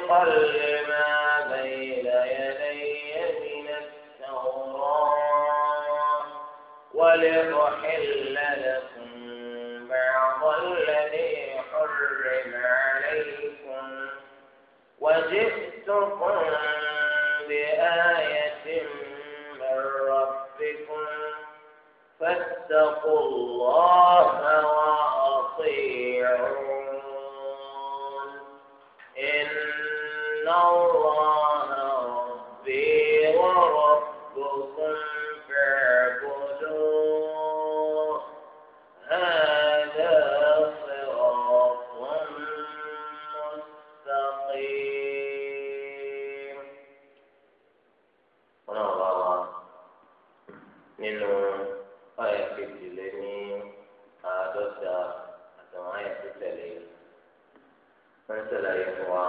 بين يدي ولأحل لكم بعض الذي حرم عليكم وجئتكم بآية من ربكم فاتقوا الله وأطيعون إن الله ربي وربكم فاعبدوه هذا صراط مستقيم ونرى nínú ọ̀yà kejì lé ní àádọ́ta àtàwọn àyà tó tẹ̀lé wọ́n ń sàlàyé fún wa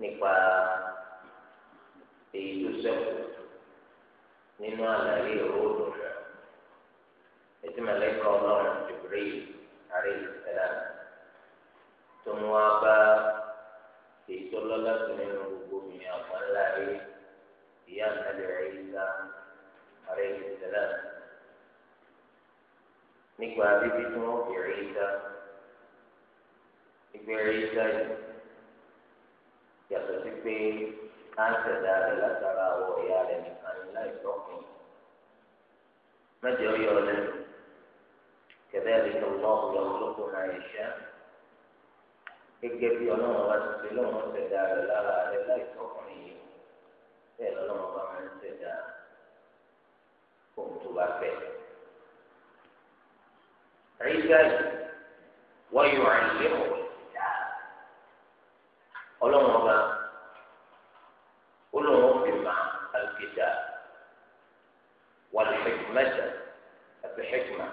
nípa èyí tó sẹ́kù nínú àlàyé ìròdùn ètí mẹ́lẹ́kọ̀ ọlọ́run Jibril alayhi salam tó mú wa bá èyí tó lọ́lá tó nínú gbogbo mi àwọn ńlá rí ìyá nàbẹ̀ Ìsá alayhi salam nípa bíbí tí wọ́n fi Ìsá gbé ẹyí jáde yàtọ̀ sí pé á ń tẹ̀lé rẹ̀ látara àwọ̀ ìyá rẹ̀ nìkan ní láì tọ́kùn mẹ́jọ yọ lẹ́nu كذلك الله يخلق ما يشاء gẹ́gẹ́ bí Ọlọ́run bá ti ṣe lọ́run ṣẹ̀dá rẹ̀ lára rẹ̀ láì tọkùnrin yìí bẹ́ẹ̀ lọ́run bá máa ń ṣẹ̀dá ohun tó bá fẹ́. àyíká yìí wọ́n yọ àyè mọ̀ ọlọ́run ọba olóhùn fi mà àlùkìtà wàlùfẹ̀kìmẹ́tà àbẹ̀hẹ̀kìmà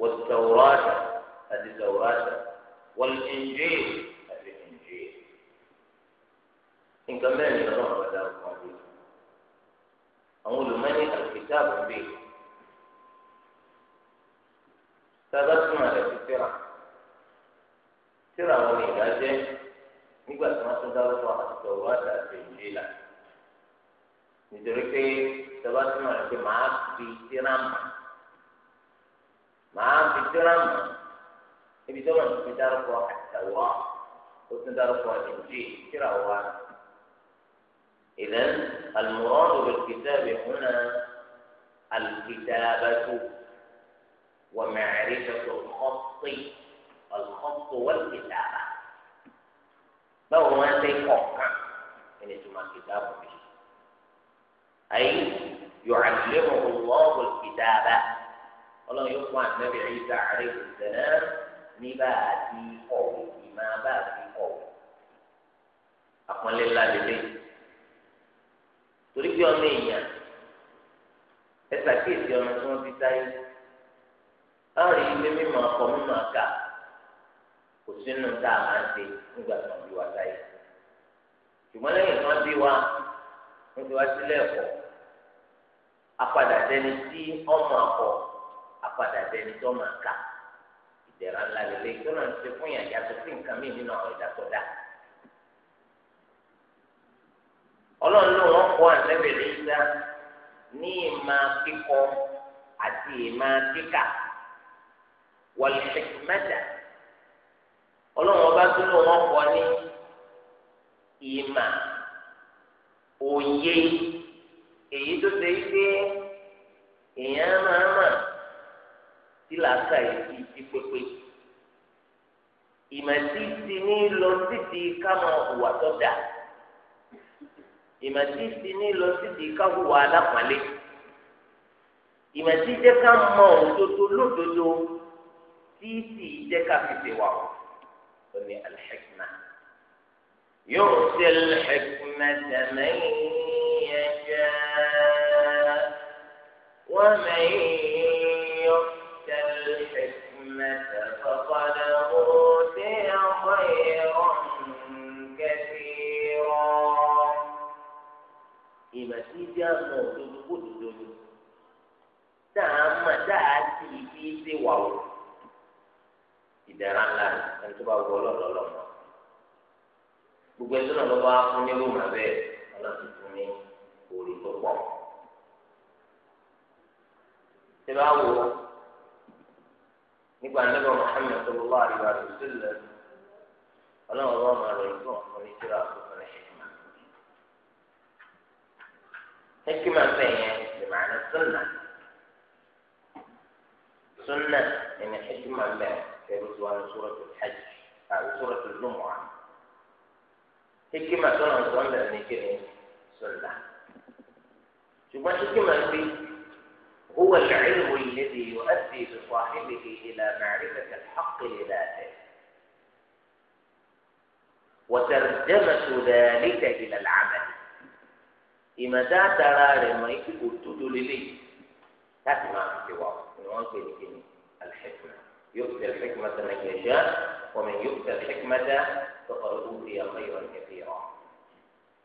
wàtàwùrọ̀tà àdìtàwùrọ̀tà wàlùfẹ̀njẹ́ àbẹ̀hẹ̀njẹ́ nǹkan mẹ́rin lọ́wọ́ ọ̀dà ọ̀kan bí àwọn olùmọ́ni àlùkìtà àbẹ̀bẹ̀. dárúkọ àtàwọn ó tún dárúkọ àdìjì kíra wa إذا المراد بالكتاب هنا الكتابة ومعرفة الخط الخط والكتابة بو ما تيقوك من اسم الكتاب به أي يعلمه الله الكتابة الله يقوى النبي عيسى عليه السلام ní bá a ti kọ̀wé ìmọ̀ bá a ti kọ̀wé. àpọ́nlé ńlá lélẹ̀ torí pé ọmọ èèyàn ẹ ṣàkíyèsí ọmọ tí wọ́n ti sáyé láwọn èyí lé mímọ̀ ọkọ mímọ̀ ọ̀ka kò sínú tá a máa ń ṣe nígbà tí wọ́n bí wa sáyé ṣùgbọ́n lẹ́yìn tí wọ́n bí wa wọ́n ti wá sílẹ̀ ẹ̀kọ́ apàdà tí ọmọ àkọ́ apàdà dẹni tó máa ìdẹ̀ra ńlá lélẹ̀ ìtọ́nà ń ṣe fún yàn yàtọ̀ sí nǹkan mí nínú àwọn ìdàtọ̀ dá. ọlọ́run ló wọ́n kọ́ àtẹ́bẹ̀ lẹ́yìnlá ní ìmọ̀ àti ìmọ̀ kíkà ọlọ́run ọba tó ló wọ́n kọ́ ní ìmọ̀ òye èyí tó ṣe é èèyàn máa mà ìmọ̀tí ti ní lọ títí ká máa hùwà tó dà ìmọ̀tí ti ní lọ títí ká hùwà alápàlẹ́ ìmọ̀tí jẹ́ ká mọ òdodo lódodo tí sì jẹ́ ká fi wà ó ní alhikma yóò ṣe alhikma tẹ̀mẹ́yìn yẹn jẹ́. wá fún ní rúùmù ní ọlọ́sìn fún ní orí tó pọ̀. ṣé bá wò ó nígbà nígbà Muhammad sallallahu alaihi wa sallam ọlọ́run bá máa lo rẹ̀ ni ọkùnrin síra ọkùnrin ṣèkìmá. ṣèkìmá bẹ́ẹ̀ yẹn lè máa ní sunna sunna ẹni ṣèkìmá bẹ́ẹ̀ kẹ́rù tí wọ́n ní suratul hajj àti suratul jumu'ah. hikima tó náà sọ ọ́nà ní kíni sọ̀lá ṣùgbọ́n hikima ń bí هو العلم الذي يؤدي بصاحبه إلى معرفة الحق لذاته وترجمة ذلك إلى العمل إما ذات رارم يكتب لي láti máa fi wà ni wọn pè ní kíni alḥikma yóò fi alḥikma tẹ̀lé kẹ̀ṣẹ́ wọ́n yóò fi alḥikma dá tọkọ̀rọ̀ tó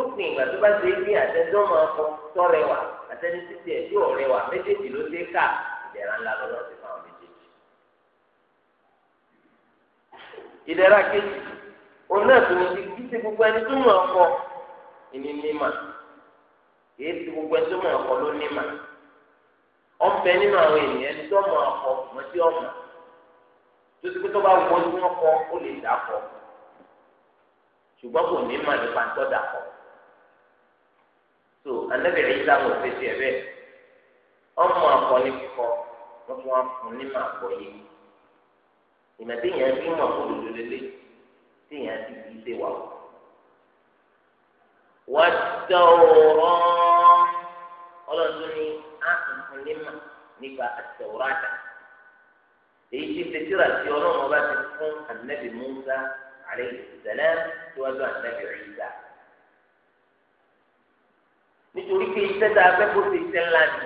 lópin ìgbà tó bá ṣe é bí àtẹnudọ́ máa kọ tọrẹwà àtẹnu títí ẹ̀ tí ò rẹwà méjèèjì ló dé ká ìdẹ̀ra ńlá lọ́dọ̀ ti fáwọn méjèèjì. ìdẹ̀ra kejì òun náà tó gbogbo ẹni tó ìní gbogbo ẹni tó ló nímà nínú àwọn ènìyàn ẹni tó tó ti tó bá tó anabi ẹyíṣà mọ fèsì ẹ bẹ́ẹ̀ ọmọ akọni kíkọ wọn tún wọn fún ní mà pọ yìí ìmọ̀ tí yẹn fi mọ̀ fún dodo lélẹ̀ tí yẹn ti fi ṣe wà. wọ́n tẹ ọ̀rọ̀ ọlọ́dún ní àkùnkùn ní mà nípa àtẹ̀wọ́rọ̀ àjà èyí ti ṣe tíra tí ọlọ́run ọba ti fún anabi Musa àlẹ́ ìṣẹ̀lẹ̀ tí wọ́n tún anabi ẹyíṣà nítorí pé iṣẹ́ tá a fẹ́ kó ṣe iṣẹ́ ńlá ni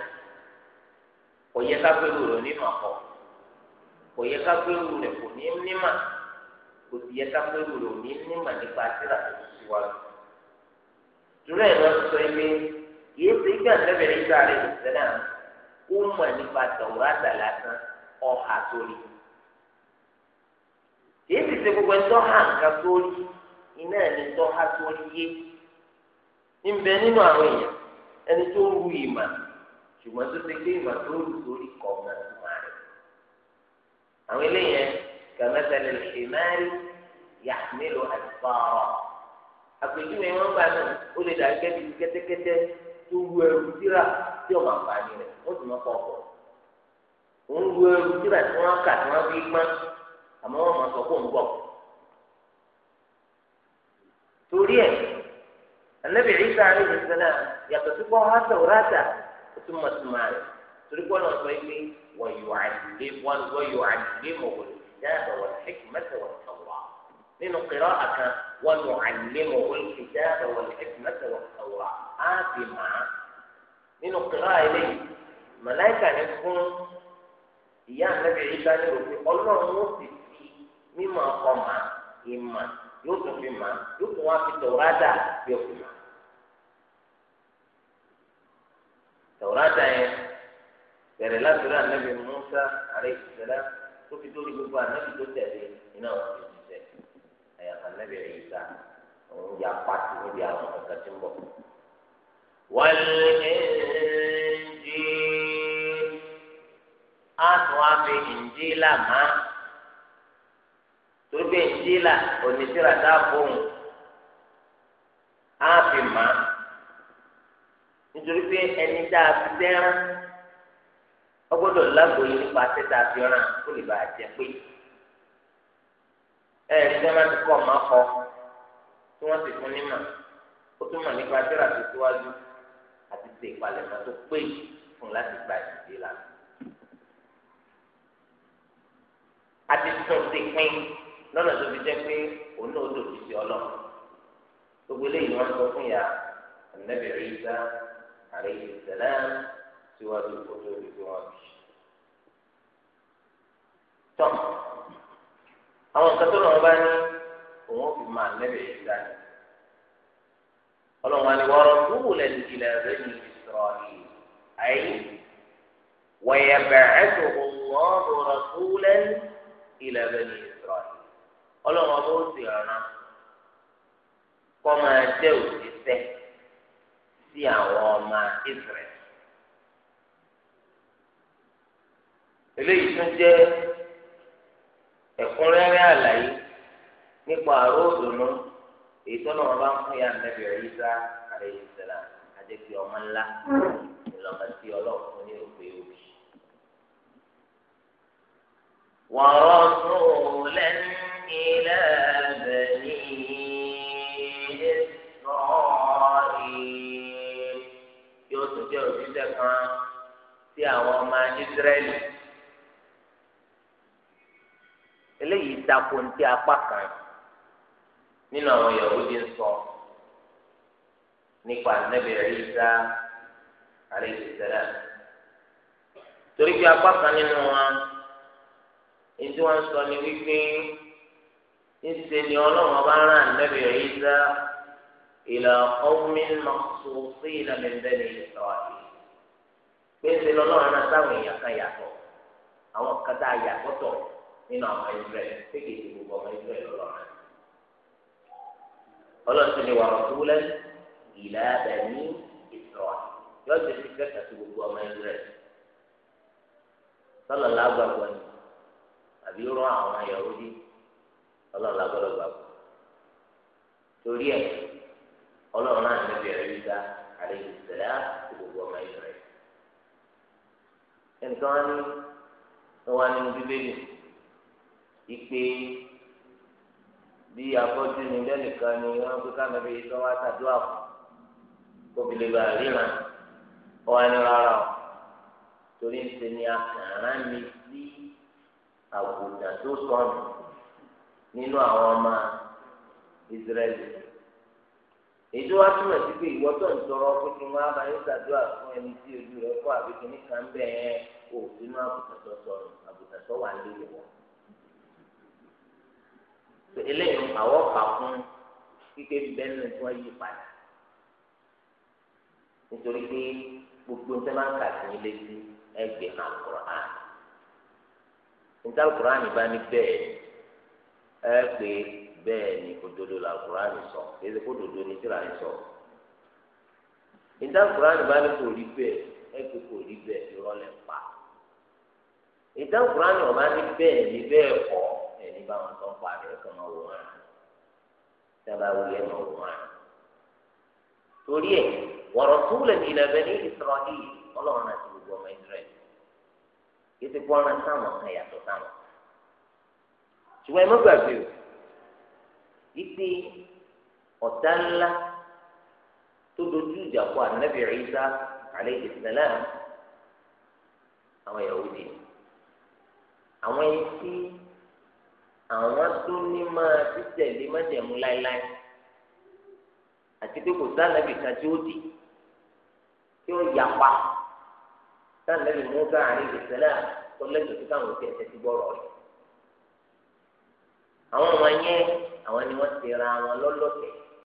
kò yẹ ká pé rúurú ní mà kọ kò yẹ ká pé rúurú rẹ kò ní ní mà kò sì yẹ ká pé rúurú ní ní nípa síra tó ti síwájú. Jùlọ ìlú sọ pé kìí ṣe ibi àtẹ́bẹ̀rẹ̀ ìgbà rẹ̀ lè sẹ́lẹ̀ àná ó mọ̀ nípa tọ̀wọ́ àtàlà tán ọ̀hà sórí. Kìí ṣe gbogbo ẹni tó hà nǹkan sórí iná ẹni tó hà sórí yé ń bẹ nínú àwọn èèyàn ẹni tó ń ru ìmà ṣùgbọ́n tó ti gbé ìmà tó rù lórí kọ̀ ọ̀gá tó máa rẹ̀. àwọn eléyẹn kàmẹ́tẹ̀lẹ̀ ṣèmárì yà nílò àtìpáàrọ̀. àpèjúwe wọn gbà náà ó lè dà gẹ́gẹ́ bí kẹ́tẹ́kẹ́tẹ́ tó ru ẹrù síra tí ọmọ àǹfààní rẹ̀ wọ́n sì máa pọ̀ pọ̀. ó ń ru ẹrù síra tí wọ́n kà tí wọ́n fi gbọ́n àmọ́ wọ́n máa sọ fóun bọ̀. torí ẹ̀ النبي عيسى عليه السلام يقصفها توراة ثم تمارس تقول وصيبي ويعلم ويعلمه الكتاب والحكمة والتوراة من قراءة ونعلمه الكتاب والحكمة والتوراة آتي آه، من قراءة إليه ملائكة يكون يا النبي عيسى bá ní òfin ọlọ́run ó يوسف مما يوسف في التوراة ìmà tẹ̀wọ́rọ́dà yẹn bẹ̀rẹ̀ láti rà nàbì Musa alayhi salam tó fi dórí gbogbo ànábì tó tẹ̀lé iná wọn ti ti tẹ̀ àyàfà nàbì Isa òun yà pàtó níbi àwọn kankan tí ń bọ̀. wọ́n lé ǹjì àtún àfi ǹjì là má torí pé là onítìrà dáàbò àfi má nítorí pé ẹni tá a fi dẹ́rán ọgbọ́dọ̀ lágbóyè nípa tẹ́tà fi ọ̀ràn kó lè bàa jẹ pé ẹ̀rí tí wọ́n ti kọ́ máa kọ́ tí wọ́n ti fún ní mà ó tún mọ̀ nípa tẹ́rà tó síwájú àti ṣe ìpalẹ̀mọ́ tó pé fún láti gba ìdílé la. àti tún ti pín lọ́nà tó fi jẹ́ pé òun náà ó dòdò sí ọlọ́run gbogbo eléyìí wọ́n sọ fún ìyá ànábẹ̀rẹ̀ yìí sáà. عليه السلام سوى بالفجور بوابش تم أما قتل عباني وهو في مع النبي الثاني قالوا مالي ورسولا إلى بني إسرائيل أي ويبعثه الله رسولا إلى بني إسرائيل قالوا ما مالي أنا. كما جوز السهل sí àwọn ọmọ Israẹl eléyìí tún jẹ ẹ̀kúnrẹ́rẹ́ àlàyé nípa àròdùnú èyí tó lọ́wọ́ bá ń fún ya nàbì ẹ̀yíṣà àrẹ̀yìṣẹ̀lá àdékì ọmọ ńlá ìlànà tí ọlọ́run ní òpè òbí. wọ́n rọ́ọ̀tún lẹ́nu ilé ẹ̀bẹ̀ kan sí àwọn ọmọ Ísírẹ́lì eléyìí tako ní ti apá kan nínú àwọn Yahudi ń sọ nípa Ànábì Ìsá alayhi salam torí pé apá kan nínú wọn èyí tí wọn sọ ni wípé ńṣe ni Ọlọ́run ọba rán Ànábì Ìsá ila qawmin makhsusin min bani Israil pé ń ṣe lọ́lọ́run náà sáwọn èèyàn kan yàtọ̀ àwọn a yàtọ̀ nínú àwọn Israẹl pé ọma gbogbo ọmọ Israẹl lọ́lọ́run ọlọ́sìn ni wà rọ̀túlẹ̀ ìlà bẹ̀mí ìsọ̀ yóò ṣe fi kẹ́kẹ́ sí gbogbo ọmọ Israẹl sọlọ ni àbí àwọn torí Ọlọ́run náà ẹnìkan wá ní wá nínú bíbélì ìpè bí afọ́jú ni lẹ́nìkan ni wọ́n pé kánàbí tó wá ṣàdúrà fún kóbi lè bàa ríran wá ní rárá o torí ń ṣe ni akàrà mi sí àgùntàn tó sọnù nínú àwọn ọmọ Ísírẹ́lì èyí wá túmọ̀ sí pé ìwọ tó ń tọrọ pé kí wọ́n á máa ń ṣàdúrà fún ẹni tí ojú rẹ̀ kọ́ àbí kí nìkan ń bẹ̀ ẹ́ o sínú àbùtàtọ̀ sọ̀rọ̀ àbùtàtọ̀ wà lórí wọn. eléyìí àwọn kà fún kíké bẹ́ẹ̀ nù tí wọ́n yí padà nítorí pé gbogbo nǹkan máa ń kà sí ilé sí ẹgbẹ́ àkùrán nítorí àkùrán bá ní bẹ́ẹ̀ ẹ pé bẹ́ẹ̀ ni òdodo la kúránì sọ èyí kó dodo ni tíra ń sọ ìdá kúránì bá ní kò rí bẹ́ẹ̀ ẹ kò kò rí bẹ́ẹ̀ irọ́ lẹ pa ìdá kúránì ọba ní bẹ́ẹ̀ ni bẹ́ẹ̀ kọ́ ẹni bá wọn tó ń pa rẹ̀ kàn máa wò wọn dábàá wúlẹ̀ máa wò wọn torí ẹ wọ̀rọ̀ tó lè ní ilẹ̀ bẹ́ẹ̀ ní Ísírẹ́lì ọlọ́run àti gbogbo ọmọ Ísírẹ́lì kí ṣùgbọ́n ẹ o ipe ọ̀tá ńlá tó dojú ìjà kọ ànábì Ìsá alayhi salam àwọn Yahudi àwọn ẹni tí àwọn tó ní máa títẹ̀lé májẹ̀mú láéláé àti pé kò sánàbì kan tí ó di tí ó yapa sánàbì Mùsá alayhi salam tó lẹ́tọ̀ọ́ sí káwọn òkè ẹ̀sẹ̀ ti gbọ́rọ̀ rẹ̀ àwọn ọmọ yẹn àwọn ni wọ́n ti ra wọn lọ́lọ́tẹ̀